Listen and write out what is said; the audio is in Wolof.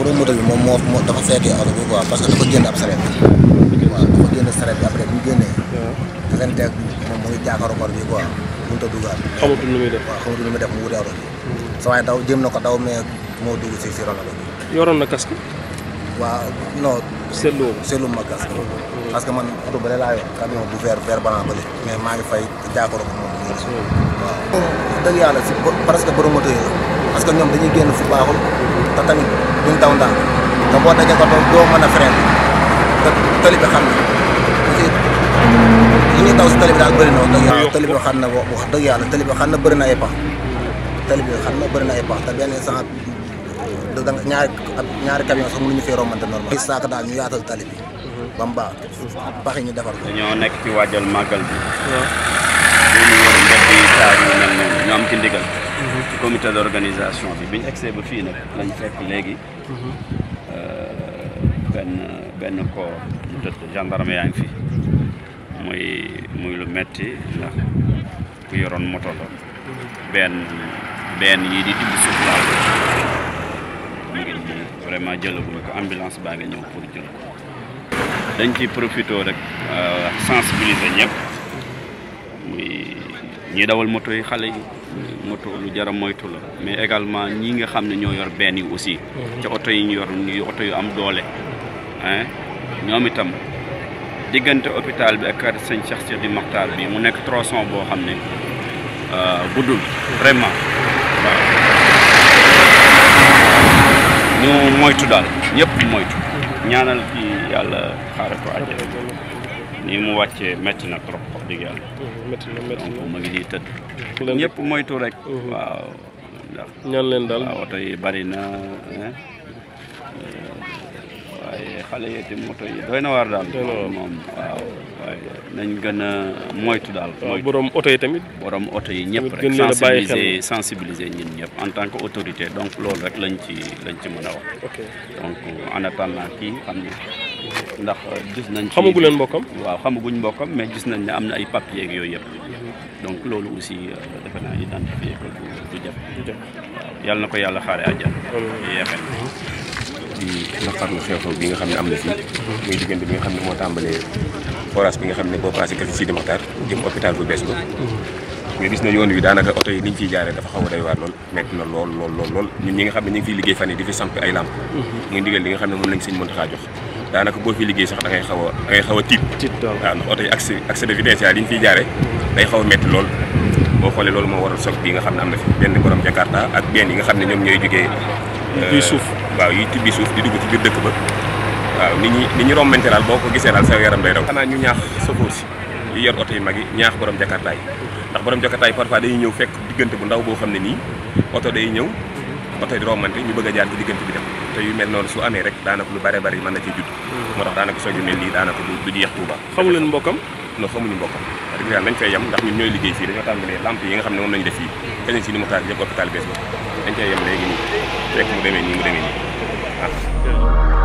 borom moto bi moom moo dafa fekkee oto bi parce que dafa jënd ab sareet waaw dafa jënd sareet bi après bu ñu génnee da leen moom mu ngi jaakaaru koor bi quoi a dugaat xamatul waaw mu wute oto bi mm-hmm. samay daw na ko daw mais moo dugg si si ronoto bi yoroon na casque waaw non seetlu seetlu ma casque mm-hmm. parce man oto bële laa yor camion bu vert vert blanc bële mais maa ngi fay jaakaaru ko mm-hmm. yàlla si presque borom moto yi parce que ñoom dañuy génn fu baaxul te tamit duñ taw ndànk te boo dajee ko doo mën a frein te xam na aussi li taw si tali daal bëri na yàlla tali xam na wax dëgg yàlla xam na bëri na ay pax tali bi xam na bëri na ay pax te benn instant ñaari ñaari camion sax mënuñu fee rombante normal saaka daal ñu yaatal tali bi ba baax pax yi ñu defar ko dañoo nekk ci waajal màggal bi bu ci ndigal ci comité organisation bi bi ñu ba fii nag lañ fekk léegi euh, benn benn corps mu tëdd gendarme yaa ngi fi muy muy lu metti ku yoroon moto la benn benn yii di tibb suuf laal ngi nii vraiment jëlaguñ ko ambulance baa ngi ñëw pour jël dañ ci profité rek euh, sensibiliser ñëpp muy ñuy dawal moto yi xale yi moto lu jar a moytu la mais également ñi nga xam ne ñoo yor benn yi aussi mhm. ca oto yi ñu yor ñu oto yu am doole hein ñoom itam diggante hôpital bi ak kër sëñ Cheikh Sidi Maxtaar bi mu nekk tronçon boo xam ne euh, guddul vraiment waaw ñu moytu daal ñëpp moytu mhm. ñaanal fi yàlla xaaral ko àjjana nii mu wàccee métti na trop wax dëgg yàlla. métti mm-hmm. na métti na donc mu ngi nii tëdd. ñëpp moytu rek. Mm-hmm. waaw ndax. ñaan leen daal waaw oto yi bari na. waaye xale yi itam moto yi doy na waar daal. moom waaw waaye nañ gën a moytu daal. mooy borom oto yi tamit. borom oto yi ñëpp rek sensibiliser sensibiliser ñun ñëpp en tant que autorité donc loolu rek lañ ci lañ ci mën a wax. donc en attendant kii xam ni ndax gis nañ. ci xamagu mbokkam waaw xamaguñ mbokkam mais gis nañ ne am na ay papiers ak yooyu yëpp. Mhm. donc loolu aussi euh, defe naa identifié ko du du jëf waaw na ko yàlla xaaree àjjana. Mhm. di naqarlu xew-xew bi nga xam ne am na fii. Mhm. muy diggante bi nga xam ne moo tàmbalee. forage bi nga xam ne boo passé kër Sidi Mokhtar jëm hôpital bu bees ba nga gis na yoon wi daanaka oto yi ni ñu fiy dafa xaw a doy waar lool metti na lool lool lool lool ñun ñi mhm. ne moom lañ sëñ daanaka boo fi liggéey sax da ngay xaw a da a tiit waaw ndax oto yi accès de vitesse yi ñu fiy jaaree day xaw a metti lool boo xoolee loolu moo waral soog bi nga xam ne am na fi benn borom Jakarta ak benn yi nga xam ne ñoom ñooy jógee euh, suuf di dugg waaw nit ñi nit ñi rombante daal boo ko gisee daal sa yaram day daw xanaa ñu ñaax sofóor si yi yor oto yu mag yi bu ndaw boo xam ne nii oto day ñëw oto di ñu bëgg a bi dem te yu mel noonu bari mën na ci judd moo tax daanaka soo mel nii daanaka du jeex ñooy liggéey fii dañoo tàmbalee lampe yi nga xam ne moom lañu def fii kañ si ni mu taal yëpp hôpital bees ba dañ fay yem léegi nii fekk mu demee nii mu demee nii